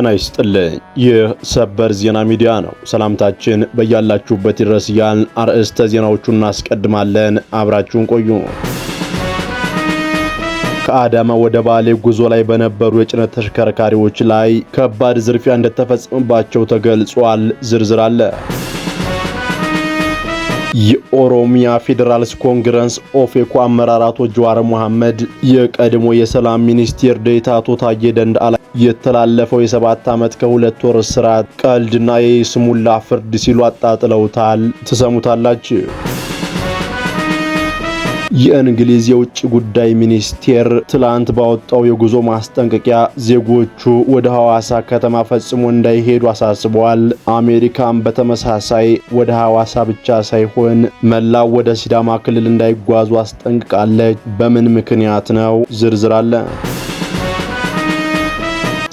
ጤና ይስጥልኝ። ይህ ሰበር ዜና ሚዲያ ነው። ሰላምታችን በያላችሁበት ይድረስ እያልን አርዕስተ ዜናዎቹን እናስቀድማለን። አብራችሁን ቆዩ። ከአዳማ ወደ ባሌ ጉዞ ላይ በነበሩ የጭነት ተሽከርካሪዎች ላይ ከባድ ዝርፊያ እንደተፈጸመባቸው ተገልጿል። ዝርዝር አለ። የኦሮሚያ ፌዴራልስ ኮንግረስ ኦፌኮ አመራር አቶ ጀዋር መሐመድ የቀድሞ የሰላም ሚኒስቴር ዴታ አቶ ታዬ ደንደዓ የተላለፈው የሰባት ዓመት ከሁለት ወር እስራት ቀልድና የስሙላ ፍርድ ሲሉ አጣጥለውታል። ትሰሙታላችሁ። የእንግሊዝ የውጭ ጉዳይ ሚኒስቴር ትላንት ባወጣው የጉዞ ማስጠንቀቂያ ዜጎቹ ወደ ሐዋሳ ከተማ ፈጽሞ እንዳይሄዱ አሳስበዋል። አሜሪካም በተመሳሳይ ወደ ሐዋሳ ብቻ ሳይሆን መላው ወደ ሲዳማ ክልል እንዳይጓዙ አስጠንቅቃለች። በምን ምክንያት ነው? ዝርዝር አለ።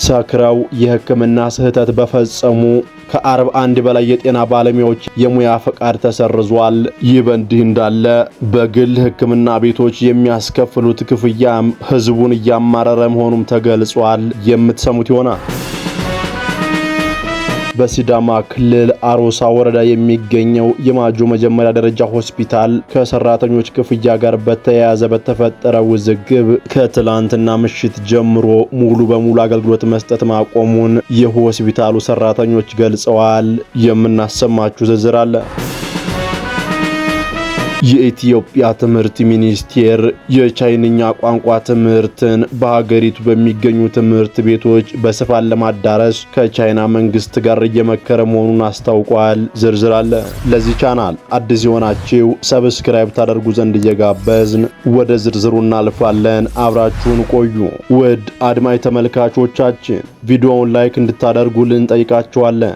ሰክረው የሕክምና ስህተት በፈጸሙ ከ41 በላይ የጤና ባለሙያዎች የሙያ ፈቃድ ተሰርዟል። ይህ በእንዲህ እንዳለ በግል ሕክምና ቤቶች የሚያስከፍሉት ክፍያ ህዝቡን እያማረረ መሆኑም ተገልጿል። የምትሰሙት ይሆናል። በሲዳማ ክልል አሮሳ ወረዳ የሚገኘው የማጆ መጀመሪያ ደረጃ ሆስፒታል ከሰራተኞች ክፍያ ጋር በተያያዘ በተፈጠረ ውዝግብ ከትላንትና ምሽት ጀምሮ ሙሉ በሙሉ አገልግሎት መስጠት ማቆሙን የሆስፒታሉ ሰራተኞች ገልጸዋል። የምናሰማችሁ ዝርዝር አለ። የኢትዮጵያ ትምህርት ሚኒስቴር የቻይንኛ ቋንቋ ትምህርትን በሀገሪቱ በሚገኙ ትምህርት ቤቶች በስፋት ለማዳረስ ከቻይና መንግስት ጋር እየመከረ መሆኑን አስታውቋል። ዝርዝር አለ። ለዚህ ቻናል አዲስ የሆናችሁ ሰብስክራይብ ታደርጉ ዘንድ እየጋበዝን ወደ ዝርዝሩ እናልፋለን። አብራችሁን ቆዩ። ውድ አድማጭ ተመልካቾቻችን ቪዲዮውን ላይክ እንድታደርጉልን ጠይቃችኋለን።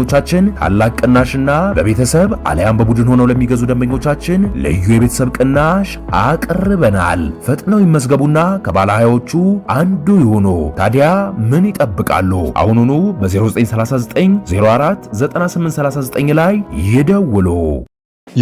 ደንበኞቻችን ታላቅ ቅናሽና በቤተሰብ አሊያም በቡድን ሆነው ለሚገዙ ደንበኞቻችን ልዩ የቤተሰብ ቅናሽ አቅርበናል። ፈጥነው ይመዝገቡና ከባለ አንዱ ይሁኑ። ታዲያ ምን ይጠብቃሉ? አሁኑኑ በ0939 04 9839 ላይ ይደውሉ።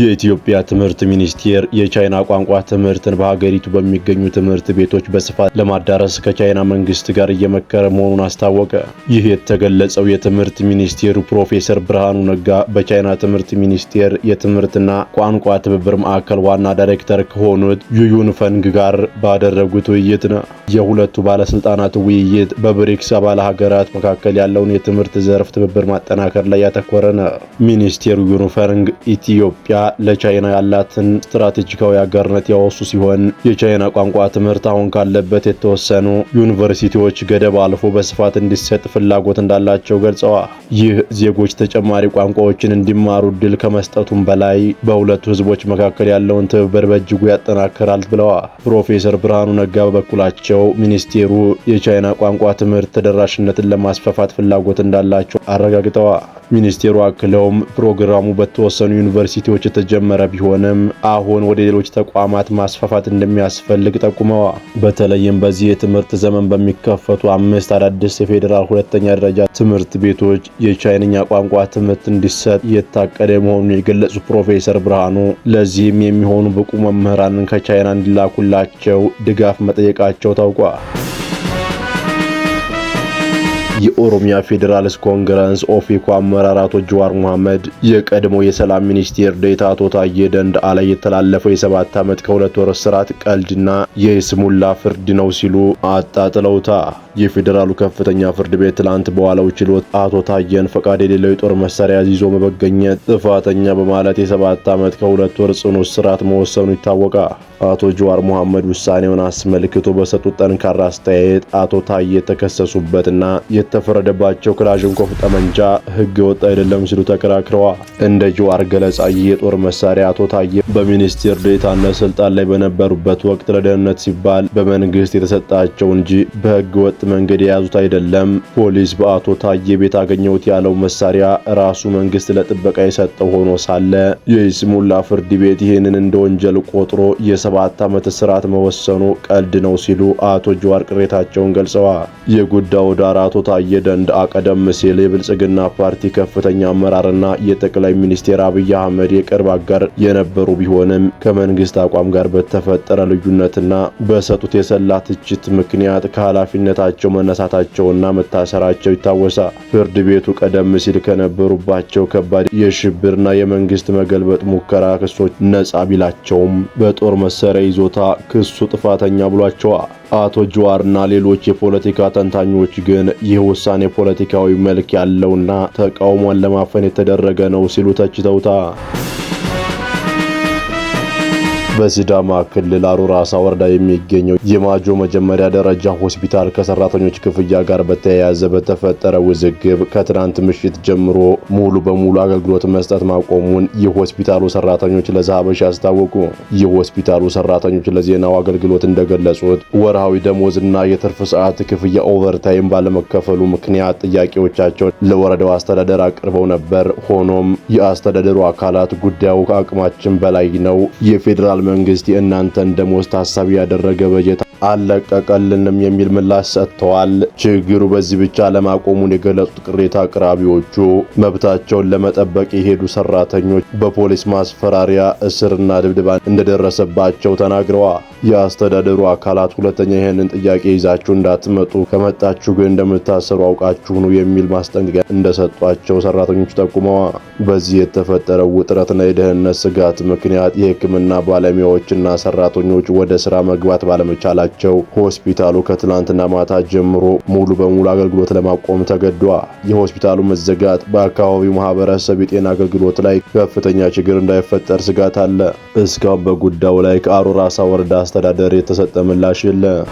የኢትዮጵያ ትምህርት ሚኒስቴር የቻይና ቋንቋ ትምህርትን በሀገሪቱ በሚገኙ ትምህርት ቤቶች በስፋት ለማዳረስ ከቻይና መንግስት ጋር እየመከረ መሆኑን አስታወቀ። ይህ የተገለጸው የትምህርት ሚኒስቴሩ ፕሮፌሰር ብርሃኑ ነጋ በቻይና ትምህርት ሚኒስቴር የትምህርትና ቋንቋ ትብብር ማዕከል ዋና ዳይሬክተር ከሆኑት ዩዩን ፈንግ ጋር ባደረጉት ውይይት ነው። የሁለቱ ባለስልጣናት ውይይት በብሪክስ አባል ሀገራት መካከል ያለውን የትምህርት ዘርፍ ትብብር ማጠናከር ላይ ያተኮረ ነው። ሚኒስቴሩ ዩዩን ፈንግ ኢትዮጵያ ለቻይና ያላትን ስትራቴጂካዊ አጋርነት ያወሱ ሲሆን የቻይና ቋንቋ ትምህርት አሁን ካለበት የተወሰኑ ዩኒቨርሲቲዎች ገደብ አልፎ በስፋት እንዲሰጥ ፍላጎት እንዳላቸው ገልጸዋል። ይህ ዜጎች ተጨማሪ ቋንቋዎችን እንዲማሩ እድል ከመስጠቱም በላይ በሁለቱ ህዝቦች መካከል ያለውን ትብብር በእጅጉ ያጠናክራል ብለዋል። ፕሮፌሰር ብርሃኑ ነጋ በበኩላቸው ሚኒስቴሩ የቻይና ቋንቋ ትምህርት ተደራሽነትን ለማስፋፋት ፍላጎት እንዳላቸው አረጋግጠዋል። ሚኒስቴሩ አክለውም ፕሮግራሙ በተወሰኑ ዩኒቨርሲቲዎች የተጀመረ ቢሆንም አሁን ወደ ሌሎች ተቋማት ማስፋፋት እንደሚያስፈልግ ጠቁመዋል። በተለይም በዚህ የትምህርት ዘመን በሚከፈቱ አምስት አዳዲስ የፌዴራል ሁለተኛ ደረጃ ትምህርት ቤቶች የቻይንኛ ቋንቋ ትምህርት እንዲሰጥ የታቀደ መሆኑን የገለጹ ፕሮፌሰር ብርሃኑ ለዚህም የሚሆኑ ብቁ መምህራንን ከቻይና እንዲላኩላቸው ድጋፍ መጠየቃቸው ታውቋል። የኦሮሚያ ፌዴራልስ ኮንግረስ ኦፌኮ አመራር አቶ ጀዋር መሐመድ የቀድሞ የሰላም ሚኒስቴር ዴታ አቶ ታዬ ደንደዓ ላይ የተላለፈው የሰባት ዓመት ከሁለት ወር እስራት ቀልድና የስሙላ ፍርድ ነው ሲሉ አጣጥለውታል። የፌዴራሉ ከፍተኛ ፍርድ ቤት ትላንት በዋለው ችሎት አቶ ታየን ፈቃድ የሌለው የጦር መሳሪያ ይዞ መበገኘት ጥፋተኛ በማለት የሰባት ዓመት ከሁለት ወር ጽኑ እስራት መወሰኑ ይታወቃል። አቶ ጀዋር መሐመድ ውሳኔውን አስመልክቶ በሰጡት ጠንካራ አስተያየት አቶ ታየ የተከሰሱበትና የተፈረደባቸው ክላሽንኮፍ ጠመንጃ ሕገ ወጥ አይደለም ሲሉ ተከራክረዋል። እንደ ጀዋር ገለጻ ይህ የጦር መሳሪያ አቶ ታየ በሚኒስቴር ዴኤታነት ስልጣን ላይ በነበሩበት ወቅት ለደህንነት ሲባል በመንግስት የተሰጣቸው እንጂ በሕገ ወጥ መንገድ የያዙት አይደለም። ፖሊስ በአቶ ታዬ ቤት አገኘሁት ያለው መሳሪያ ራሱ መንግስት ለጥበቃ የሰጠው ሆኖ ሳለ የይስሙላ ፍርድ ቤት ይህንን እንደ ወንጀል ቆጥሮ የሰባት ዓመት እስራት መወሰኑ ቀልድ ነው ሲሉ አቶ ጀዋር ቅሬታቸውን ገልጸዋል። የጉዳዩ ዳር አቶ ታዬ ደንደዓ ቀደም ሲል የብልጽግና ፓርቲ ከፍተኛ አመራርና የጠቅላይ ሚኒስቴር አብይ አህመድ የቅርብ አጋር የነበሩ ቢሆንም ከመንግስት አቋም ጋር በተፈጠረ ልዩነትና በሰጡት የሰላ ትችት ምክንያት ከኃላፊነታቸው ከስራቸው መነሳታቸውና መታሰራቸው ይታወሳል። ፍርድ ቤቱ ቀደም ሲል ከነበሩባቸው ከባድ የሽብርና የመንግስት መገልበጥ ሙከራ ክሶች ነጻ ቢላቸውም በጦር መሳሪያ ይዞታ ክሱ ጥፋተኛ ብሏቸዋል። አቶ ጅዋርና ሌሎች የፖለቲካ ተንታኞች ግን ይህ ውሳኔ ፖለቲካዊ መልክ ያለውና ተቃውሞን ለማፈን የተደረገ ነው ሲሉ ተችተውታል። በሲዳማ ክልል አሮራሳ ወረዳ የሚገኘው የማጆ መጀመሪያ ደረጃ ሆስፒታል ከሰራተኞች ክፍያ ጋር በተያያዘ በተፈጠረ ውዝግብ ከትናንት ምሽት ጀምሮ ሙሉ በሙሉ አገልግሎት መስጠት ማቆሙን የሆስፒታሉ ሰራተኞች ለዛሀበሽ አስታወቁ። የሆስፒታሉ ሰራተኞች ለዜናው አገልግሎት እንደገለጹት ወርሃዊ ደሞዝ እና የትርፍ ሰዓት ክፍያ ኦቨርታይም ባለመከፈሉ ምክንያት ጥያቄዎቻቸውን ለወረዳው አስተዳደር አቅርበው ነበር። ሆኖም የአስተዳደሩ አካላት ጉዳዩ ከአቅማችን በላይ ነው የፌዴራል መንግስት የእናንተን ደሞዝ ታሳቢ ያደረገ በጀት አለቀቀልንም የሚል ምላሽ ሰጥተዋል። ችግሩ በዚህ ብቻ ለማቆሙን የገለጹት ቅሬታ አቅራቢዎቹ መብታቸውን ለመጠበቅ የሄዱ ሰራተኞች በፖሊስ ማስፈራሪያ እስርና ድብድባን እንደደረሰባቸው ተናግረዋል። የአስተዳደሩ አካላት ሁለተኛ ይህንን ጥያቄ ይዛችሁ እንዳትመጡ፣ ከመጣችሁ ግን እንደምታሰሩ አውቃችሁ የሚል ማስጠንቀቂያ እንደሰጧቸው ሰራተኞቹ ጠቁመዋል። በዚህ የተፈጠረው ውጥረትና የደህንነት ስጋት ምክንያት የሕክምና ባለሙያዎችና ሰራተኞች ወደ ስራ መግባት ባለመቻላቸው ሆስፒታሉ ከትላንትና ማታ ጀምሮ ሙሉ በሙሉ አገልግሎት ለማቆም ተገዷል። የሆስፒታሉ መዘጋት በአካባቢው ማህበረሰብ የጤና አገልግሎት ላይ ከፍተኛ ችግር እንዳይፈጠር ስጋት አለ። እስካሁን በጉዳዩ ላይ ከአሮራሳ ወረዳ አስተዳደር የተሰጠ ምላሽ የለም።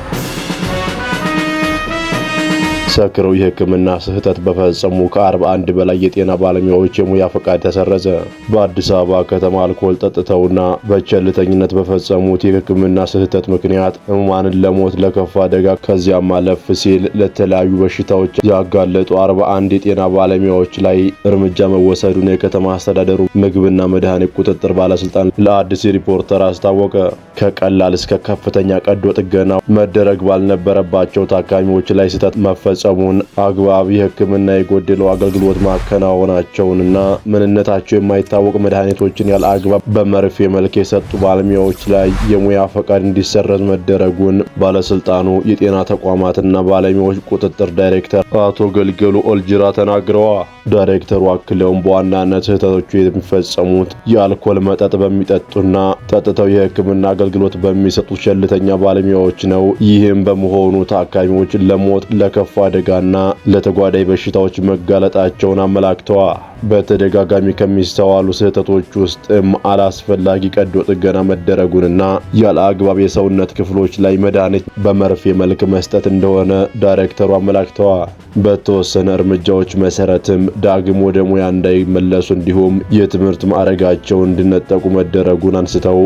ሰክረው የሕክምና ስህተት በፈጸሙ ከ41 በላይ የጤና ባለሙያዎች የሙያ ፈቃድ ተሰረዘ። በአዲስ አበባ ከተማ አልኮል ጠጥተውና በቸልተኝነት በፈጸሙት የሕክምና ስህተት ምክንያት ህሙማንን ለሞት ለከፋ አደጋ ከዚያም አለፍ ሲል ለተለያዩ በሽታዎች ያጋለጡ 41 የጤና ባለሙያዎች ላይ እርምጃ መወሰዱን የከተማ አስተዳደሩ ምግብና መድኃኒት ቁጥጥር ባለስልጣን ለአዲስ ሪፖርተር አስታወቀ። ከቀላል እስከ ከፍተኛ ቀዶ ጥገና መደረግ ባልነበረባቸው ታካሚዎች ላይ ስህተት መፈጸ መፈጸሙን አግባብ የሕክምና የጎደለው አገልግሎት ማከናወናቸውንና ምንነታቸው የማይታወቅ መድኃኒቶችን ያለ አግባብ በመርፌ መልክ የሰጡ ባለሙያዎች ላይ የሙያ ፈቃድ እንዲሰረዝ መደረጉን ባለስልጣኑ የጤና ተቋማትና ባለሙያዎች ቁጥጥር ዳይሬክተር አቶ ገልገሉ ኦልጅራ ተናግረዋል። ዳይሬክተሩ አክለውም በዋናነት ስህተቶቹ የሚፈጸሙት የአልኮል መጠጥ በሚጠጡና ጠጥተው የህክምና አገልግሎት በሚሰጡ ሸልተኛ ባለሙያዎች ነው። ይህም በመሆኑ ታካሚዎች ለሞት ለከፋ አደጋና ለተጓዳኝ በሽታዎች መጋለጣቸውን አመላክተዋል። በተደጋጋሚ ከሚስተዋሉ ስህተቶች ውስጥም አላስፈላጊ ቀዶ ጥገና መደረጉንና ያለ አግባብ የሰውነት ክፍሎች ላይ መድኃኒት በመርፌ መልክ መስጠት እንደሆነ ዳይሬክተሩ አመላክተዋል። በተወሰነ እርምጃዎች መሰረትም ዳግም ወደ ሙያ እንዳይመለሱ እንዲሁም የትምህርት ማዕረጋቸው እንዲነጠቁ መደረጉን አንስተው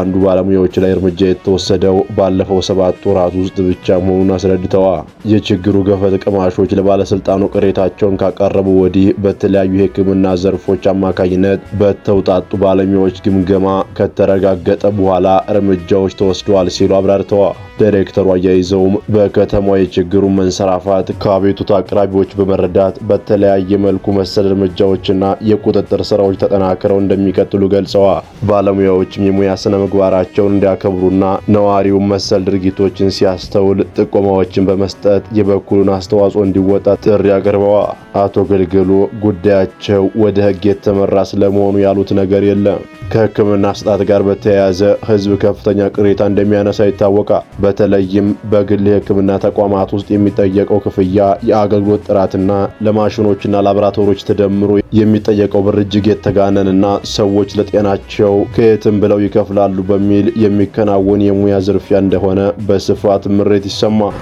አንዱ ባለሙያዎች ላይ እርምጃ የተወሰደው ባለፈው ሰባት ወራት ውስጥ ብቻ መሆኑን አስረድተዋል። የችግሩ ገፈት ቀማሾች ለባለስልጣኑ ቅሬታቸውን ካቀረቡ ወዲህ በተለያዩ የሕክምና ዘርፎች አማካኝነት በተውጣጡ ባለሙያዎች ግምገማ ከተረጋገጠ በኋላ እርምጃዎች ተወስደዋል ሲሉ አብራርተዋል። ዳይሬክተሩ አያይዘውም በከተማ የችግሩ መንሰራፋት ከአቤቱታ አቅራቢዎች በመረዳት በተለያየ መልኩ መሰል እርምጃዎችና የቁጥጥር ስራዎች ተጠናክረው እንደሚቀጥሉ ገልጸዋል። ባለሙያዎችም የሙያ ስነ ምግባራቸውን እንዲያከብሩና ነዋሪው መሰል ድርጊቶችን ሲያስተውል ጥቆማዎችን በመስጠት የበኩሉን አስተዋጽኦ እንዲወጣ ጥሪ አቅርበዋል። አቶ ገልገሉ ጉዳያቸው ወደ ሕግ የተመራ ስለመሆኑ ያሉት ነገር የለም። ከህክምና አሰጣጥ ጋር በተያያዘ ህዝብ ከፍተኛ ቅሬታ እንደሚያነሳ ይታወቃል። በተለይም በግል የህክምና ተቋማት ውስጥ የሚጠየቀው ክፍያ፣ የአገልግሎት ጥራትና ለማሽኖችና ላቦራቶሪዎች ተደምሮ የሚጠየቀው ብር እጅግ የተጋነንና ሰዎች ለጤናቸው ከየትም ብለው ይከፍላሉ በሚል የሚከናወን የሙያ ዝርፊያ እንደሆነ በስፋት ምሬት ይሰማል።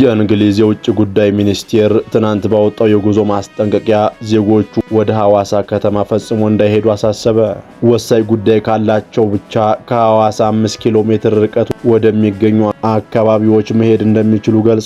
የእንግሊዝ የውጭ ጉዳይ ሚኒስቴር ትናንት ባወጣው የጉዞ ማስጠንቀቂያ ዜጎቹ ወደ ሐዋሳ ከተማ ፈጽሞ እንዳይሄዱ አሳሰበ። ወሳኝ ጉዳይ ካላቸው ብቻ ከሐዋሳ 5 ኪሎ ሜትር ርቀት ወደሚገኙ አካባቢዎች መሄድ እንደሚችሉ ገልጿል።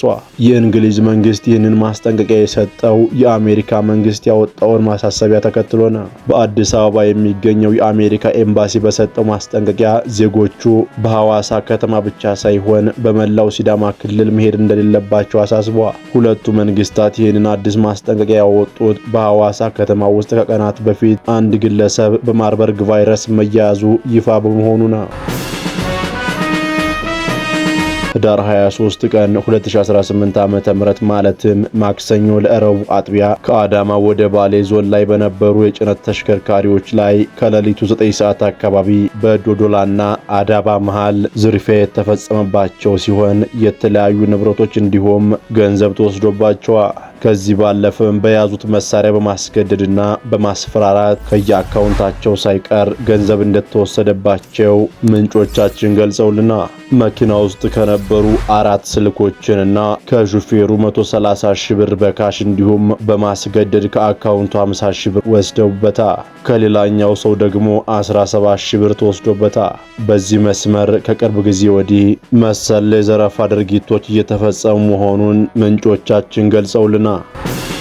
የእንግሊዝ መንግስት ይህንን ማስጠንቀቂያ የሰጠው የአሜሪካ መንግስት ያወጣውን ማሳሰቢያ ተከትሎ ነው። በአዲስ አበባ የሚገኘው የአሜሪካ ኤምባሲ በሰጠው ማስጠንቀቂያ ዜጎቹ በሐዋሳ ከተማ ብቻ ሳይሆን በመላው ሲዳማ ክልል መሄድ እንደሌለባቸው አሳስበዋል። ሁለቱ መንግስታት ይህንን አዲስ ማስጠንቀቂያ ያወጡት በሐዋሳ ከተማ ውስጥ ከቀናት በፊት አንድ ግለሰብ በማርበርግ ቫይረስ መያያዙ ይፋ በመሆኑ ነው። ህዳር 23 ቀን 2018 ዓ ም ማለትም ማክሰኞ ለእረቡ አጥቢያ ከአዳማ ወደ ባሌ ዞን ላይ በነበሩ የጭነት ተሽከርካሪዎች ላይ ከሌሊቱ 9 ሰዓት አካባቢ በዶዶላና አዳባ መሃል ዝርፊያ የተፈጸመባቸው ሲሆን የተለያዩ ንብረቶች እንዲሁም ገንዘብ ተወስዶባቸዋል። ከዚህ ባለፈም በያዙት መሳሪያ በማስገደድና በማስፈራራት ከየአካውንታቸው ሳይቀር ገንዘብ እንደተወሰደባቸው ምንጮቻችን ገልጸውልና መኪና ውስጥ ከነበሩ አራት ስልኮችንና ከሹፌሩ 130 ሺ ብር በካሽ እንዲሁም በማስገደድ ከአካውንቱ 50 ሺህ ብር ወስደውበታል። ከሌላኛው ሰው ደግሞ 17 ሺ ብር ተወስዶበታል። በዚህ መስመር ከቅርብ ጊዜ ወዲህ መሰል የዘረፋ ድርጊቶች እየተፈጸሙ መሆኑን ምንጮቻችን ገልጸውልና 啊。